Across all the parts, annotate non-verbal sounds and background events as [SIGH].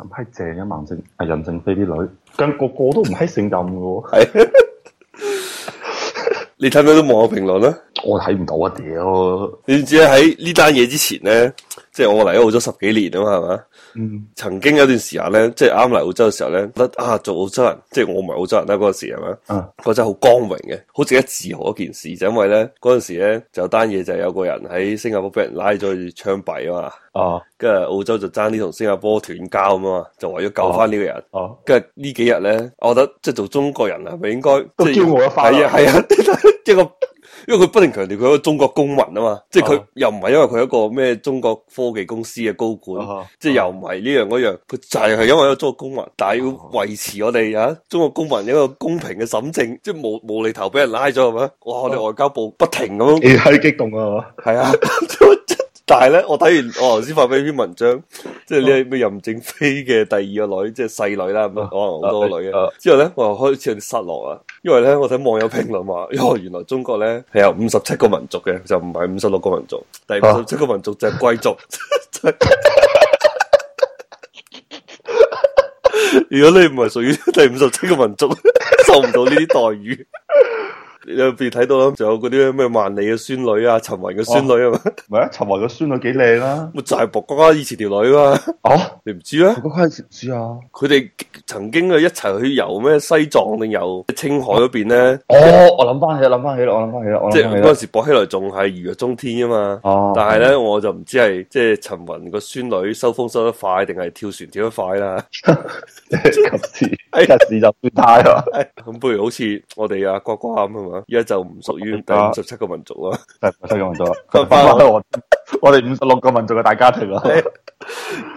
唔係正啊，明星，啊， [NOISE] 任正非啲女，咁個個都唔係姓任嘅，係，你睇佢哋都冇評論啦？我睇唔到啊！屌，你知喺呢單嘢之前咧，即係我嚟澳洲十幾年啊嘛，係嘛？嗯，曾經有段時間咧，即係啱嚟澳洲嘅時候咧，覺得啊，做澳洲人，即係我唔係澳洲人啦，嗰時係嘛？嗯，覺得好光榮嘅，好值得自豪一件事，就因為咧嗰陣時咧就有單嘢，就係有個人喺新加坡俾人拉咗去槍斃啊嘛。哦，跟住澳洲就爭啲同新加坡斷交啊嘛，就為咗救翻呢個人。哦，跟住呢幾日咧，我覺得即係做中國人啊，係咪應該都驕傲一翻？係啊，一個。因為佢不停強調佢一個中國公民啊嘛，啊，即係佢又唔係因為佢係一個咩中國科技公司嘅高管，啊、即係又唔係呢樣嗰樣，佢、啊、就係係因為一個中國公民，啊、但係要維持我哋啊中國公民一個公平嘅審訊，啊、即係無無厘頭俾人拉咗係咪？啊、哇！我哋外交部不停咁樣，太、啊、激動啊！係啊。但係咧，我睇完我頭先發俾一篇文章，即係呢個任正非嘅第二個女，即係細女啦，可能好多個女嘅。啊、之後咧，我又開始有啲失落啊，因為咧我睇網友評論話，喲原來中國咧係有五十七個民族嘅，就唔係五十六個民族，第五十七個民族就係貴族。啊、 [LAUGHS] [LAUGHS] 如果你唔係屬於第五十七個民族， [LAUGHS] 受唔到呢啲待遇。你有別睇到啦，仲有嗰啲咩萬里嘅孫女啊，陳雲嘅孫女啊嘛，咪啊陳雲嘅孫女幾靚啊？咪就係博哥以前條女啊嘛，哦你唔知啊，我虧少知啊，佢哋曾經啊一齊去遊咩西藏定遊青海嗰邊咧，哦我諗翻起諗翻起啦，我諗翻起啦，即係嗰陣時博起來仲係如日中天啊嘛，哦但係咧我就唔知係即係陳雲個孫女收風收得快定係跳船跳得快啦，及時哎及時就算大啦，咁不如好似我哋阿瓜瓜咁啊。而家就唔屬於第五十七個民族啊，係西藏民族，翻我哋五十六個民族嘅大家庭啦。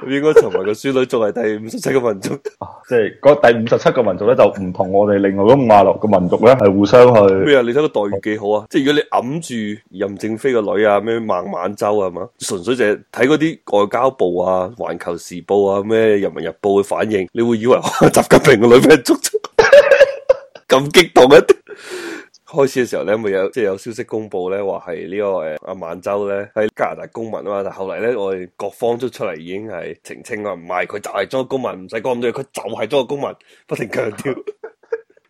咁 [LAUGHS] [LAUGHS] 應該成為個孫女，作為第五十七個民族。即係嗰第五十七個民族咧，就唔同我哋另外嗰五十六個民族咧，係互相去。咩啊？你睇個待遇幾好啊！即係如果你揞住任正非個女啊，咩孟晚舟啊嘛，純粹就係睇嗰啲外交部啊、環球時報啊、咩人民日報嘅反應，你會以為我習近平個女俾人捉咗，咁 [LAUGHS] 激動一啲。 [LAUGHS] 開始嘅時候咧，咪有即係有消息公佈咧，話係、這個啊、呢個誒阿晚舟咧係加拿大公民啊嘛，但後嚟咧我哋各方都出嚟已經係澄清啦，唔係佢就係中國公民，唔使講咁多嘢，佢就係中國公民，不停強調。 [LAUGHS]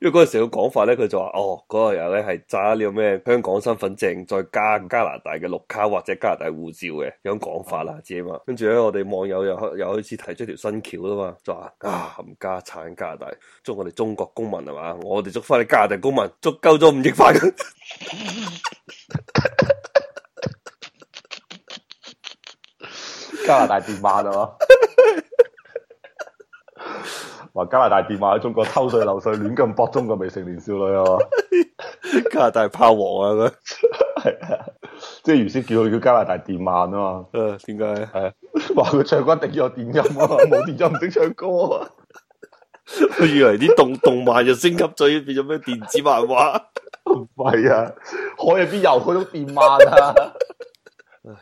即係嗰陣時嘅講法咧，佢就話哦，嗰、嗰個人咧係揸咗咩香港身份證，再加加拿大嘅綠卡或者加拿大護照嘅有種講法啦，知嘛？跟住咧，我哋網友又又開始提出條新橋啦嘛，就話啊，冚家鏟加拿大，捉我哋中國公民係嘛？我哋捉翻你加拿大公民，捉夠咗五億返， [LAUGHS] 加拿大電話啊！ [LAUGHS] 話加拿大電漫喺中國偷稅漏稅亂咁搏，中國未成年少女啊！加拿大炮王啊！係 [LAUGHS] 啊，即係原先叫佢叫加拿大電漫啊嘛。嗯，點解？係啊，話佢，啊哎、唱歌一定要有電音啊，冇電音唔識唱歌啊。佢 [LAUGHS] 以為啲動動漫就升級咗，變咗咩電子漫畫？唔係 [LAUGHS] 啊，海入邊有嗰種電漫啊。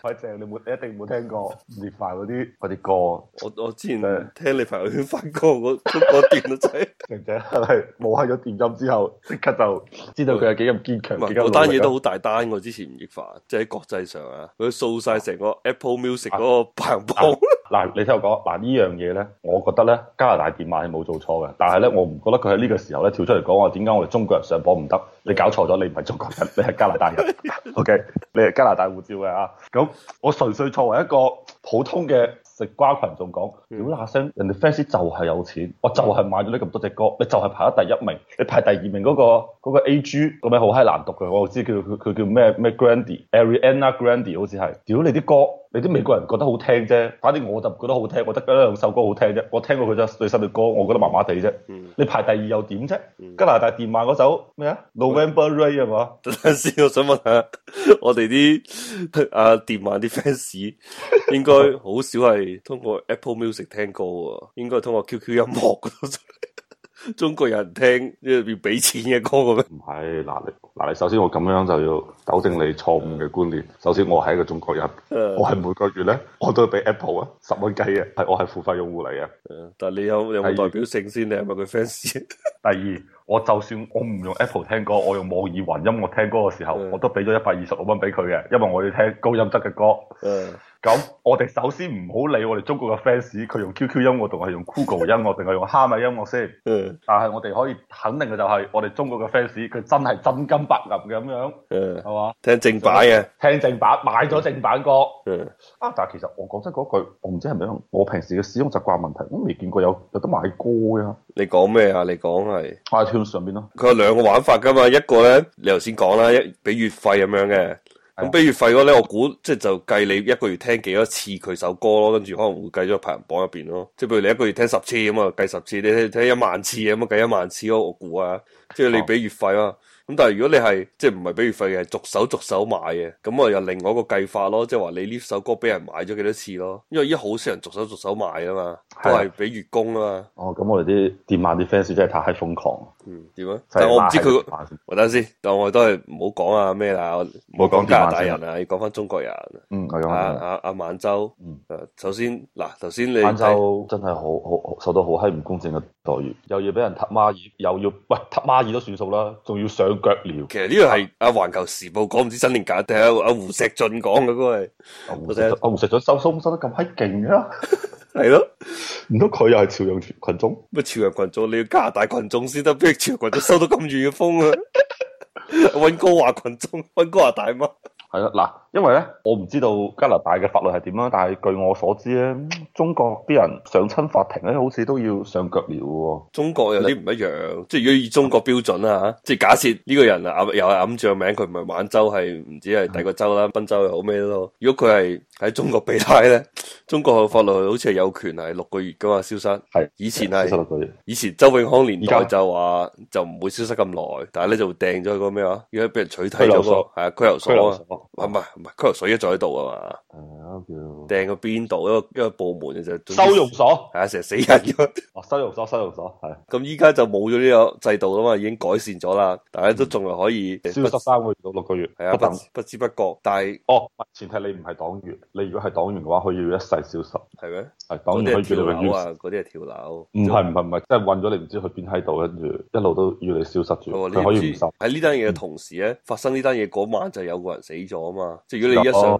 反正， [NOISE] 你冇一定冇聽過吳亦凡嗰啲啲歌。我我之前聽你朋友圈發歌，我我見仔，仔係冇喺咗電音之後，即刻就知道佢係幾咁堅強。唔係對，單嘢都好大單。我之前吳亦凡，即係喺國際上啊，佢掃晒成個 Apple Music 嗰個排行榜。 [LAUGHS] 嗱，你聽我講，嗱，呢樣嘢咧，我覺得咧，加拿大電馬係冇做錯嘅，但係咧，我唔覺得佢喺呢個時候咧跳出嚟講話，點解我哋中國人上榜唔得？你搞錯咗，你唔係中國人， [LAUGHS] 你係加拿大人。OK，你係加拿大護照嘅啊。咁我純粹作為一個普通嘅食瓜群眾講，屌那聲，人哋 fans 就係有錢，我就係買咗呢咁多隻歌，你就係排咗第一名，你排第二名嗰個嗰個 A G，個名好嗨難讀嘅，我知叫佢佢叫咩咩 Grandy，Ariana Grandy 好似係，屌你啲歌！你啲美國人覺得好聽啫，反正我就唔覺得好聽，我得噶兩首歌好聽啫。我聽過佢啫最新嘅歌，我覺得麻麻地啫。嗯、你排第二又點啫？嗯、加拿大電曼嗰首咩啊？November Rain 係嘛？吧等陣先，我想問下我哋啲阿電曼啲 fans，應該好少係通過 Apple Music 聽歌喎，應該係通過 QQ 音樂。 [LAUGHS] 中國人聽要俾錢嘅歌嘅咩？唔係，嗱，你嗱，你，首先我咁樣就要糾正你錯誤嘅觀念。首先我係一個中國人，嗯、我係每個月咧我都俾 Apple 啊十蚊雞啊，係我係付費用戶嚟嘅，嗯。但你有有冇代表性先？二你係咪佢 fans？第二，我就算我唔用 Apple 聽歌，我用網易雲音樂聽歌嘅時候，嗯、我都俾咗一百二十六蚊俾佢嘅，因為我要聽高音質嘅歌。嗯咁我哋首先唔好理我哋中國嘅 fans，佢用 QQ 音樂定係用 Google 音樂定係用蝦米音樂先？嗯。 [LAUGHS] 但係我哋可以肯定嘅就係，我哋中國嘅 fans 佢真係真金白銀嘅咁樣，嗯 [LAUGHS] 吧，係嘛？聽正版嘅、啊，聽正版，買咗正版歌。嗯。 [LAUGHS] [LAUGHS] 啊，但係其實我講真嗰句，我唔知係咪我平時嘅使用習慣問題，我未見過有有得買歌嘅。你講咩啊？你講係啊？iTunes 上邊咯。佢有兩個玩法噶嘛，一個咧你頭先講啦，一俾月費咁樣嘅。咁俾月費嗰咧，我估即係就計你一個月聽幾多次佢首歌咯，跟住可能會計咗排行榜入邊咯。即係譬如你一個月聽十次咁啊，計十次，你聽一萬次咁啊，計一萬次咯。我估啊,即係你俾月費啊。咁、哦、但係如果你係即係唔係俾月費嘅，係逐手逐手買嘅，咁啊又另外一個計法咯。即係話你呢首歌俾人買咗幾多次咯。因為依家好少人逐手逐手買啊嘛，都係俾月供啊嘛。哦，咁我哋啲電話啲 fans 真係太瘋狂。嗯，點啊？那個嗯、但係我唔知佢，等先。但係我都係唔好講啊咩啦，唔好講加拿大人啊，要講翻中國人嗯。嗯，阿阿阿晚舟，啊啊、嗯，首先嗱，首、啊、先你晚舟真係好好受到好閪唔公正嘅待遇，又要俾人踢馬爾，又要喂踢馬爾都算數啦，仲要上腳鐐。其實呢個係阿環球時報講，唔知真定假，定阿胡錫進講嘅嗰個。胡阿胡錫進收收唔收得咁閪勁啊！啊啊 [LAUGHS] 係咯，唔通佢又係朝陽群群眾？乜朝陽群眾？你要加拿大群眾先得，俾朝陽群眾收到咁遠嘅風啊！溫哥華群眾，溫哥華大媽，係咯嗱。因為咧，我唔知道加拿大嘅法律係點啦，但係據我所知咧，中國啲人上親法庭咧，好似都要上腳鐐嘅。中國有啲唔一樣，即係如果以中國標準啦吓，嗯、即係假設呢個人啊又係揞住個名，佢唔係廣州係唔知係第個州啦，賓州又好咩咯？如果佢係喺中國被拉咧，中國嘅法律好似係有權係六個月噶嘛消失。係以前係十六個月，以前周永康年代就話就唔會消失咁耐，在但係咧就掟咗個咩話，如果俾人取締咗、那個係拘留所，嗯、留所啊，唔、啊啊啊啊啊唔係水一再喺度啊嘛，叫，掟去邊度？一個一個部門嘅收容所係啊，成日死人嘅。哦，收容所，收容所係。咁依家就冇咗呢個制度啦嘛，已經改善咗啦。大家都仲係可以消失三個月到六個月，係啊，不不知不覺。但係哦，前提你唔係黨員，你如果係黨員嘅話，可以一世消失，係咩？係黨員可以越嚟越少啊！嗰啲係跳樓，唔係唔係唔係，即係混咗你唔知去邊喺度，跟住一路都要你消失住。你可以唔收。喺呢單嘢嘅同時咧，發生呢單嘢嗰晚就有個人死咗啊嘛。如果你一上樓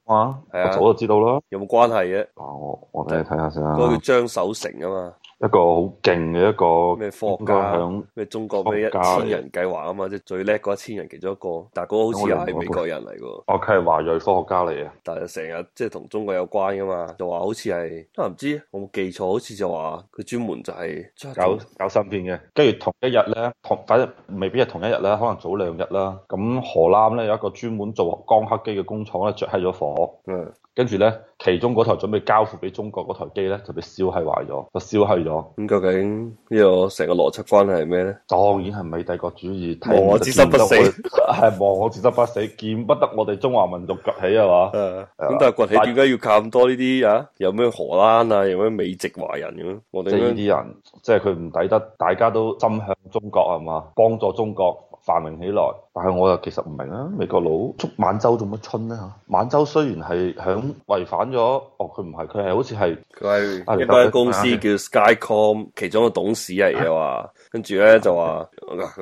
嘅話，早就知道啦。有冇關係啫？嗱，我我睇睇下先啊。嗰個叫張守成啊嘛。一個好勁嘅一個咩科學家響咩中國咩一千人計劃啊嘛，即係最叻嗰一千人其中一個，大哥好似又係美國人嚟嘅。哦，佢係華裔科學家嚟嘅，但係成日即係同中國有關噶嘛，就話好似係，唔知我冇記錯，好似就話佢專門就係搞搞芯片嘅。跟住同一日咧，同反正未必係同一日咧，可能早兩日啦。咁荷蘭咧有一個專門做光刻機嘅工廠咧着喺咗火，嗯的，跟住咧。其中嗰台準備交付俾中國嗰台機咧，就被燒係壞咗，就燒係咗。咁究竟個呢個成個邏輯關係係咩咧？當然係美帝國主義亡我之心不死，係亡我之心不死， [LAUGHS] 見不得我哋中華民族崛起係嘛？咁 [LAUGHS] 吧、嗯、但係崛起點解要靠咁多呢啲但啊？有咩荷蘭啊？有咩美籍華人咁啊？即係呢啲人，即係佢唔抵得，大家都心向中國係嘛？幫助中國繁榮起來。但係我又其實唔明啊，美國佬捉晚舟做乜春咧吓？晚舟雖然係響違反，咗，哦，佢唔係，佢係好似係，佢係一間公司、啊、叫 Skycom，其中嘅董事嚟嘅話，跟住咧就話，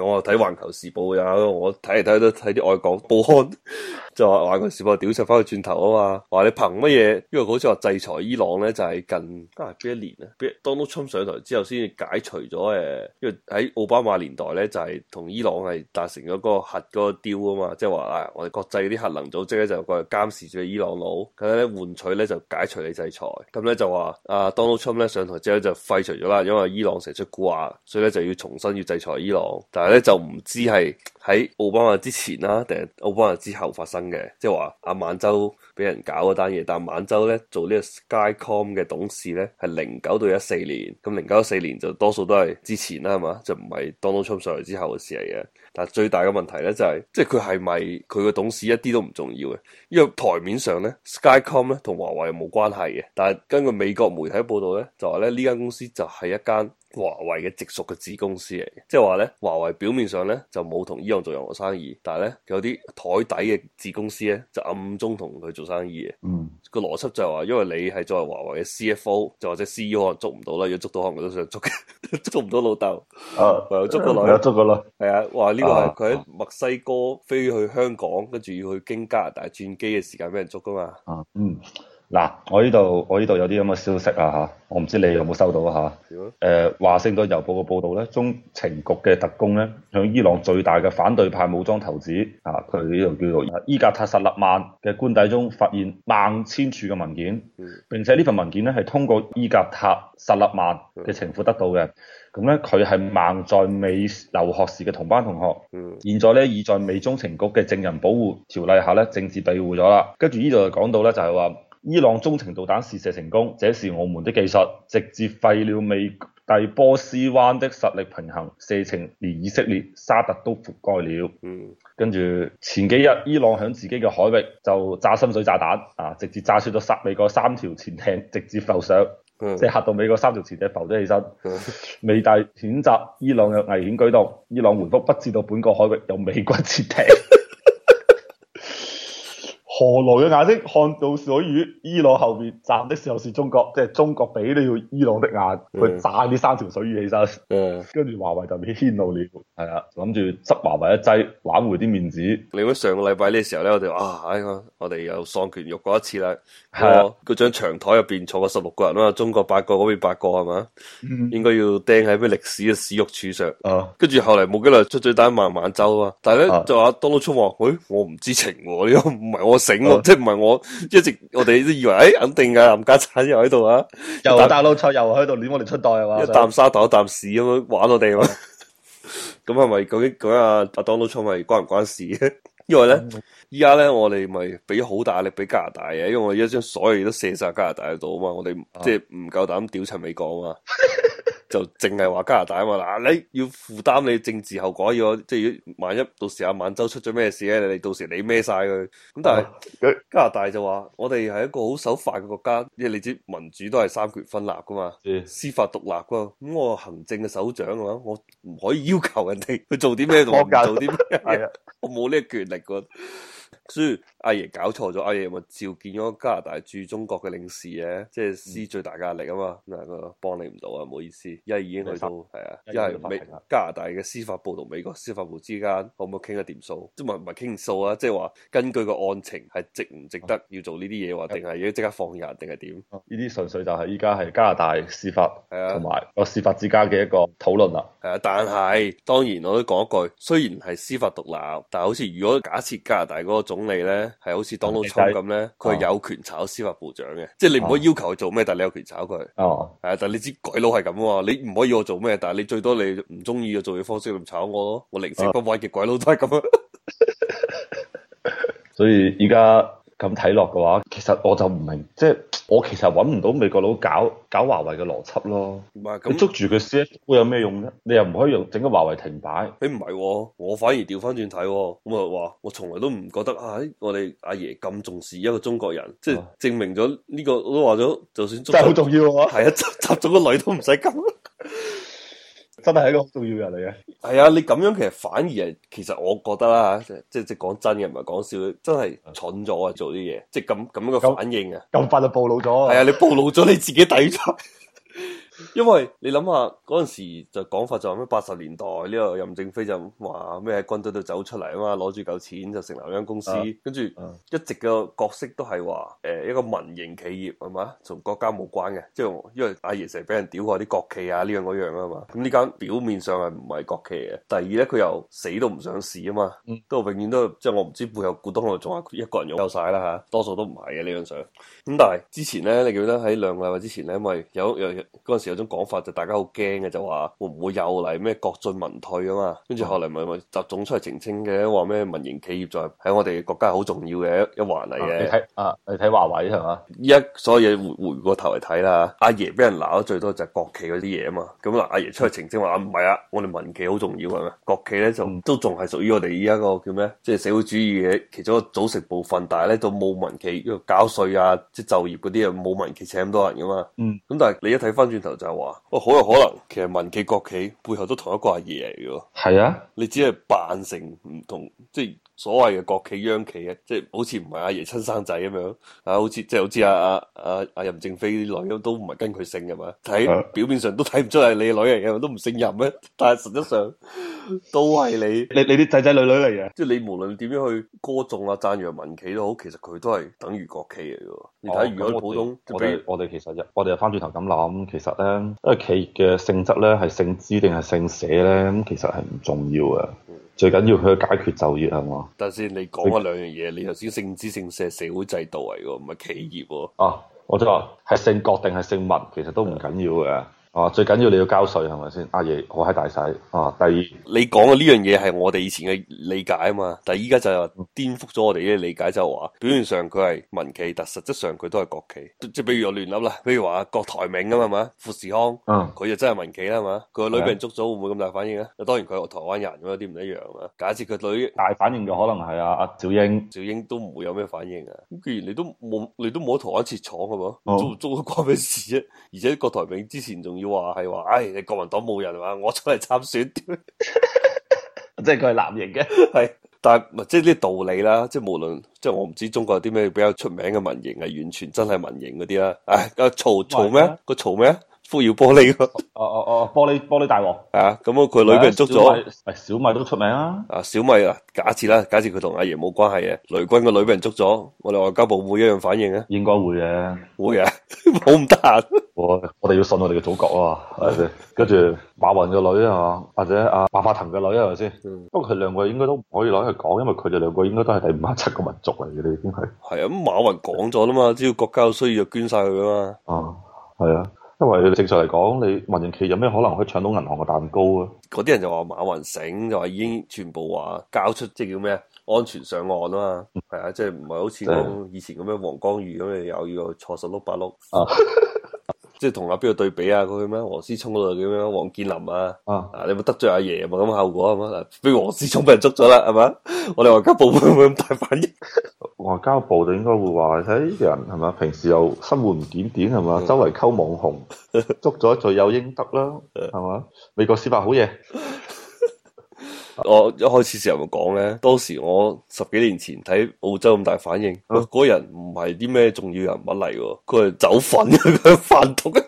我睇環球時報又，我睇嚟睇去都睇啲外國報刊。 [LAUGHS] 就話話個事話屌出翻去轉頭啊嘛！話你憑乜嘢？因為好似話制裁伊朗咧，就係、是、近啊邊一年啊？當 Donald Trump 上台之後，先解除咗誒，因為喺奧巴馬年代咧，就係、是、同伊朗係達成咗個核嗰個 deal 啊嘛，即係話啊，我哋國際啲核能組織咧就個、是、監視住伊朗佬，咁咧換取咧就解除你制裁。咁、嗯、咧就話啊，Donald Trump 咧上台之後就廢除咗啦，因為伊朗成日出蠱惑，所以咧就要重新要制裁伊朗。但係咧就唔知係喺奧巴馬之前啦、啊，定奧巴馬之後發生？嘅，即係話阿晚舟俾人搞嗰單嘢，但係晚舟咧做呢個 Skycom 嘅董事咧，係零九到一四年，咁零九一四年就多數都係之前啦，係嘛，就唔係 Donald Trump 上嚟之後嘅事嚟嘅。但係最大嘅問題咧就係、是，即係佢係咪佢個董事一啲都唔重要嘅？因為台面上咧，Skycom 咧同華為冇關係嘅，但係根據美國媒體報道咧，就話咧呢間公司就係一間。華為嘅直屬嘅子公司嚟，即係話咧，華為表面上咧就冇同伊朗做任何生意，但係咧有啲台底嘅子公司咧就暗中同佢做生意嘅。嗯，個邏輯就係話，因為你係作為華為嘅 CFO，就或者 CEO，捉唔到啦，如果捉到可能我都想捉， [LAUGHS] 捉唔到老豆。啊，唯有捉個女，有捉個女，係啊，話呢、啊這個係佢喺墨西哥飛去香港，跟住要去經加拿大轉機嘅時間俾人捉噶嘛。啊，嗯。嗱，我呢度我呢度有啲咁嘅消息啊吓，我唔知你有冇收到啊嚇。呃，華盛頓郵報嘅報導咧，中情局嘅特工咧，向伊朗最大嘅反對派武裝頭子啊，佢呢度叫做伊格塔什立曼嘅官邸中發現萬千處嘅文件，並且呢份文件咧係通過伊格塔什立曼嘅情婦得到嘅。咁咧，佢係孟在美留學時嘅同班同學，現在咧已在美中情局嘅證人保護條例下咧政治庇護咗啦。跟住呢度又講到咧，就係、是、話。伊朗中程導彈試射成功，這是我們的技術，直接廢了美帝波斯灣的實力平衡，射程連以色列、沙特都覆蓋了。嗯，跟住前幾日伊朗響自己嘅海域就炸深水炸彈，啊，直接炸出咗殺美國三條潛艇，直接浮上，即係吓到美國三條潛艇浮咗起身。美、嗯、帝譴責伊朗嘅危險舉動，伊朗回覆不知道本國海域有美軍潛艇。 [LAUGHS] 何來嘅眼睛看到水魚？伊朗後邊站的時候，是中國，即係中國俾都要伊朗的眼去炸呢三條水魚起身。嗯，跟住華為就俾牽到了，啊的，諗住執華為一劑挽回啲面子。你諗上個禮拜呢時候咧，我哋話啊，我哋有喪權辱過一次啦。係啊的，嗰張長台入邊坐咗十六個人啦，中國八個，嗰邊八個係嘛？嗯、應該要釘喺咩歷史嘅恥辱柱上。啊、嗯，跟住、嗯、後嚟冇幾耐出咗單孟晚舟啊，但係咧、嗯、就阿 Donald Trump 話，喂、哎，我唔知情喎，呢個唔係我。整我，即係唔係我一直我哋都以為誒、哎，肯定嘅冚家產又喺度啊，又打大佬又喺度亂我哋出袋啊嘛，一啖沙，一啖屎咁樣玩我哋啊嘛，咁係咪究竟嗰阿阿大佬咪關唔關事？因為咧，依家咧我哋咪俾好大力俾加拿大嘅，因為我而家將所有嘢都射晒加拿大喺度啊嘛，我哋即係唔夠膽屌陳美國啊嘛。就淨係話加拿大啊嘛，嗱、啊、你要負擔你政治後果，如果即係萬一到時阿、啊、晚舟出咗咩事咧，你到時你孭晒佢。咁但係加拿大就話，我哋係一個好守法嘅國家，因為你知民主都係三權分立噶嘛，的司法獨立噶。咁、嗯、我行政嘅首長嘅話，我唔可以要求人哋去做啲咩同唔做啲咩嘢。 [LAUGHS] [LAUGHS] 我冇呢個權力噶。所以阿爺搞錯咗，阿爺咪召見咗加拿大駐中國嘅領事嘅，即係施最大壓力啊嘛，嗱個幫你唔到啊，唔好意思。因為已經去到，係實啊，因為一係美加拿大嘅司法部同美國司法部之間可唔可以傾一下點數？即係唔係唔係傾數啊，即係話根據個案情係值唔值得要做呢啲嘢，定係要即刻放人，定係點？呢啲純粹就係依家係加拿大司法同埋、啊、個司法之間嘅一個討論啦。係啊，但係當然我都講一句，雖然係司法獨立，但係好似如果假設加拿大、嗰個總理咧，係好似 Donald Trump 咁咧，佢係、嗯、有權炒司法部長嘅，嗯、即係你唔可以要求佢做咩，嗯、但係你有權炒佢。哦、嗯，係啊，但係你知鬼佬係咁喎，你唔可以我做咩，但係你最多你唔中意嘅做嘢方式就炒我咯，我零舍不買極鬼佬都係咁。 [LAUGHS] 所以而家。咁睇落嘅話，其實我就唔明，即係我其實揾唔到美國佬搞搞華為嘅邏輯咯。你捉住佢 CEO 有咩用咧？你又唔可以用整個華為停擺？你唔係，我反而調翻轉睇。咁我話我從來都唔覺得，唉、哎，我哋阿爺咁重視一個中國人，即係證明咗呢個。我都話咗，就算真係好重要嘅話，係啊，插插咗個女都唔使咁。 [LAUGHS] 真係一個好重要嘅人嚟嘅，係啊、哎！你咁樣其實反而係，其實我覺得啦吓，即係即係講真嘅唔係講笑，真係蠢咗啊！做啲嘢，即係咁咁個反應啊，咁、嗯、快就暴露咗，係啊、哎！你暴露咗你自己底細。 [LAUGHS] 因為你諗下嗰陣時就講法就話咩八十年代呢，這個任正非就話咩喺軍隊度走出嚟啊嘛，攞住嚿錢就成立一間公司，跟住一直嘅角色都係話誒一個民營企業係嘛，同國家冇關嘅，即係因為阿爺成日俾人屌啊啲國企啊呢樣嗰樣啊嘛，咁呢間表面上係唔係國企嘅，第二咧佢又死都唔上市啊嘛，都永遠都即係我唔知背後股東係仲係一個人擁有晒啦吓，多數都唔係嘅呢樣上，咁，這個，但係之前咧你記得喺兩個禮拜之前咧，因為有有陣時，有種講法就大家好驚嘅，就話會唔會又嚟咩國進民退啊嘛？跟住後嚟咪咪習總出嚟澄清嘅，話咩民營企業就喺我哋國家好重要嘅一環嚟嘅。你睇啊，你睇華、啊、為係嘛？依家所有嘢回回過頭嚟睇啦，阿爺俾人鬧得最多就係國企嗰啲嘢啊嘛。咁啊，阿爺出嚟澄清話啊唔係啊，我哋民企好重要嘅，國企咧就、嗯、都仲係屬於我哋依家個叫咩，即、就、係、是、社會主義嘅其中一個組成部分。但係咧都冇民企，因為搞稅啊、即、就、係、是、就業嗰啲啊冇民企請咁多人噶嘛。嗯，咁但係你一睇翻轉頭。就係話，我、哦、好有可能其實民企國企背後都同一個阿爺嚟嘅，係啊，你只係扮成唔同，即係所謂嘅國企央企嘅，即係好似唔係阿爺親生仔咁樣，啊，好似即係好似阿阿阿阿任正非啲女都唔係跟佢姓嘅嘛，睇、啊、表面上都睇唔出係你女嚟嘅，都唔姓任咩？但係實質上都係你你你啲仔仔女女嚟嘅，即係你無論點樣去歌頌啊讚揚民企都好，其實佢都係等於國企嚟嘅。你睇、哦、如果普通，我哋我哋們比其實我哋又翻轉頭咁諗，其實。因為企業嘅性質咧係性資定係性社咧，咁其實係唔重要嘅，最緊要佢解決就業係嘛。但係先你講嗰兩樣嘢，你頭先性資性社係社會制度嚟嘅，唔係企業。哦、啊，我都話係性國定係性物，其實都唔緊要嘅。啊，最緊要你要交稅係咪先？阿爺、啊，我喺大細。啊，第二，你講嘅呢樣嘢係我哋以前嘅理解啊嘛，但係依家就話顛覆咗我哋嘅理解就，就話表面上佢係民企，但實質上佢都係國企。即係比如我亂諗啦，比如話郭台銘啊嘛，富士康，嗯，佢就真係民企啦嘛，佢個女俾、啊、人捉咗、啊、會唔會咁大反應啊？當然佢台灣人咁有啲唔一樣啊。假設佢女大反應嘅可能係阿阿趙英，趙英都唔會有咩反應啊。咁既然你都冇，你都冇台灣設廠係嘛，嗯、捉捉佢關咩事啫、啊？而且郭台銘之前仲要。話係話，唉、 [NOISE] 哎，你國民黨冇人嘛？我出嚟參選， [LAUGHS] [LAUGHS] 即係佢係民營嘅，係， [LAUGHS] 但係即係啲道理啦，即係無論，即係我唔知中國有啲咩比較出名嘅民營係完全真係民營嗰啲啦，唉、哎，個嘈嘈咩？個嘈咩？喂福耀玻璃咯、啊，哦哦哦，玻璃玻璃大王，係啊，咁佢女俾人捉咗，喂小，小米都出名啊，啊小米啊，假設啦，假設佢同阿爺冇關係嘅，雷軍個女俾人捉咗，我哋外交部會一樣反應啊？應該會嘅，會嘅的，好唔得閒，我我哋要信我哋嘅祖國啊，係咪先？跟住馬雲個女啊，或者阿白化騰嘅女啊，係咪先？是不過佢兩個應該都唔可以攞去講，因為佢哋兩個應該都係第五十七個民族嚟嘅，你已經係，係啊，咁馬雲講咗啦嘛，只要國家有需要就捐晒佢啊嘛，嗯、啊，係啊。因為正常嚟講，你民營企業有咩可能可以搶到銀行嘅蛋糕啊？嗰啲人就話馬雲醒，就話已經全部話交出，即係叫咩啊？安全上岸啊嘛，係、嗯、啊，即係唔係好似以前咁樣，黃光裕咁樣又要坐十碌八碌啊！即係同阿邊度對比啊，嗰啲咩王思聰嗰度叫咩，王健林啊，啊，啊你冇得罪阿爺，冇、那、咁、個、後果係嘛？比如王思聰俾人捉咗啦，係嘛？我哋外交部會唔會咁大反應？外交部就應該會話，睇呢人係嘛？平時又生活唔檢點係嘛？嗯、周圍溝網紅， [LAUGHS] 捉咗罪有應得啦，係嘛？ [LAUGHS] 美國司法好嘢。我一開始嘅時候講咧，當時我十幾年前睇澳洲咁大反應，應、嗯，嗰人唔係啲咩重要人物嚟喎，佢係走粉，佢販毒嘅。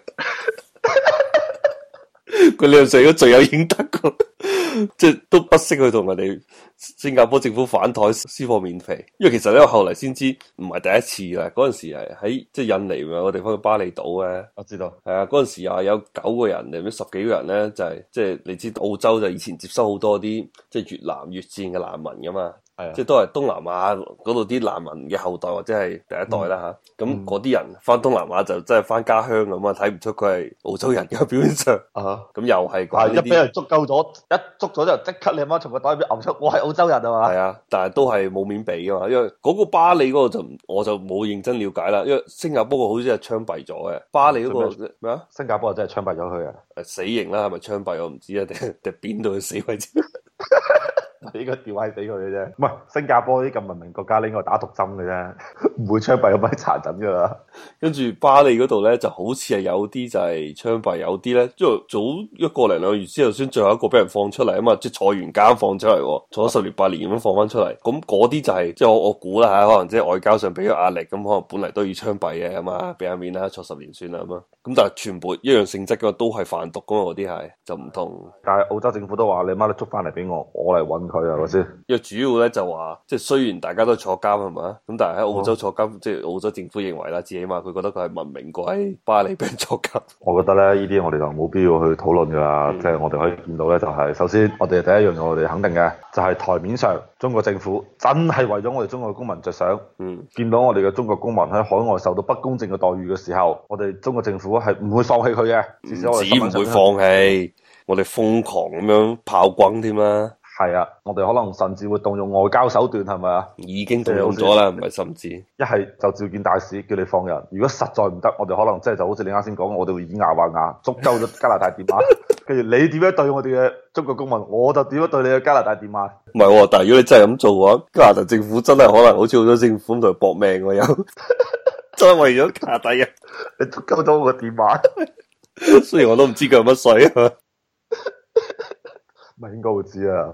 佢你又成都罪有應得嘅， [LAUGHS] 即係都不惜去同人哋新加坡政府反台私貨免飛，因為其實咧我後嚟先知唔係第一次啦。嗰陣時係喺即係印尼個地方嘅巴厘島嘅，我知道係啊。嗰陣時啊有九個人定唔知十幾個人咧，就係、是、即係你知澳洲就以前接收好多啲即係越南越戰嘅難民噶嘛。即係都係東南亞嗰度啲難民嘅後代或者係第一代啦吓，咁嗰啲人翻東南亞就真係翻家鄉咁啊，睇唔出佢係澳洲人嘅表面上啊，咁又係怪呢啲。一俾人捉夠咗，一捉咗就即刻你媽從個袋入邊嘔出，我係澳洲人啊嘛。係啊，但係都係冇面俾噶嘛，因為嗰個巴里嗰個就我就冇認真了解啦，因為新加坡個好似係槍斃咗嘅。巴里嗰個咩啊？新加坡真係槍斃咗佢啊？死刑啦，係咪槍斃我唔知啊，定定邊度去死鬼 [LAUGHS] [LAUGHS] 依家吊位死佢哋啫，唔係新加坡啲咁文明國家咧，應該打毒針嘅啫，唔 [LAUGHS] 會槍斃咁閪殘忍噶啦。跟住巴利嗰度咧，就好似係有啲就係槍斃，有啲咧，即係早一個嚟兩個月之後，先最後一個俾人放出嚟啊嘛，即係坐完監放出嚟，坐咗十年八年咁放翻出嚟。咁嗰啲就係、是、即係我我估啦吓，可能即係外交上俾咗壓力，咁可能本嚟都要槍斃嘅咁啊，俾下面啦，坐十年算啦咁啊。咁但係全部一樣性質嘅，都係販毒噶喎，啲係就唔同。但係澳洲政府都話你媽都捉翻嚟俾我，我嚟搵。係咪先？因為、嗯、主要咧就話，即係雖然大家都坐監係咪咁，但係喺澳洲坐監，哦、即係澳洲政府認為啦，至起碼佢覺得佢係文明過喺巴黎邊坐監。我覺得咧呢啲我哋就冇必要去討論噶啦。即係、嗯、我哋可以見到咧、就是，就係首先我哋第一樣我哋肯定嘅，就係台面上中國政府真係為咗我哋中國公民着想。嗯，見到我哋嘅中國公民喺海外受到不公正嘅待遇嘅時候，我哋中國政府係唔會放棄佢嘅，至少我哋唔會放棄。我哋瘋狂咁樣炮轟添啦。係啊，我哋可能甚至會動用外交手段，係咪啊？已經做好咗啦，唔係甚至一係就召見大使叫你放人。如果實在唔得，我哋可能真係就好似你啱先講，我哋會以牙還牙，捉鳩咗加拿大電話。跟住 [LAUGHS] 你點樣對我哋嘅中國公民，我就點樣對你嘅加拿大電話。唔係喎，但係如果你真係咁做嘅話，加拿大政府真係可能好似好多政府咁嚟搏命咁又真係為咗加拿大人，你捉鳩咗我個電話。雖然我都唔知佢有乜水。 [LAUGHS] 咪應該會知啊。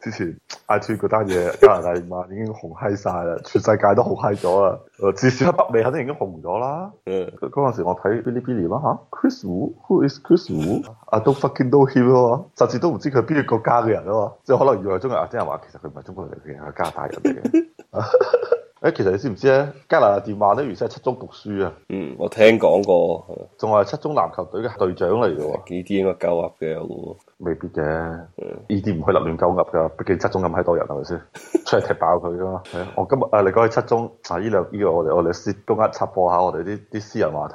之前 I T 嗰單嘢加拿大啲已經紅嗨晒啦，全世界都紅嗨咗啦。至少喺北美肯定已經紅咗啦。嗯 Yeah.、啊，嗰嗰陣時我睇 Bilibili 啦吓 Chris Wu，Who is Chris Wu？啊，都 fucking 多 hill 咯，甚至都唔知佢邊個國家嘅人咯。即係可能以為中國人，即係話，其實佢唔係中國人嚟嘅，係加拿大人嚟嘅。 [LAUGHS] 啊誒，其實你知唔知咧？加拿大電話咧，原先係七中讀書啊。嗯，我聽講過。仲係七中籃球隊嘅隊長嚟嘅喎。呢啲應該鳩噏嘅，未必嘅。呢啲唔可以立亂鳩噏噶。畢竟七中咁閪多人係咪先？出嚟踢爆佢噶。係啊，我今日誒嚟講下七中啊，呢兩呢個我哋我哋先中間插播下我哋啲啲私人話題。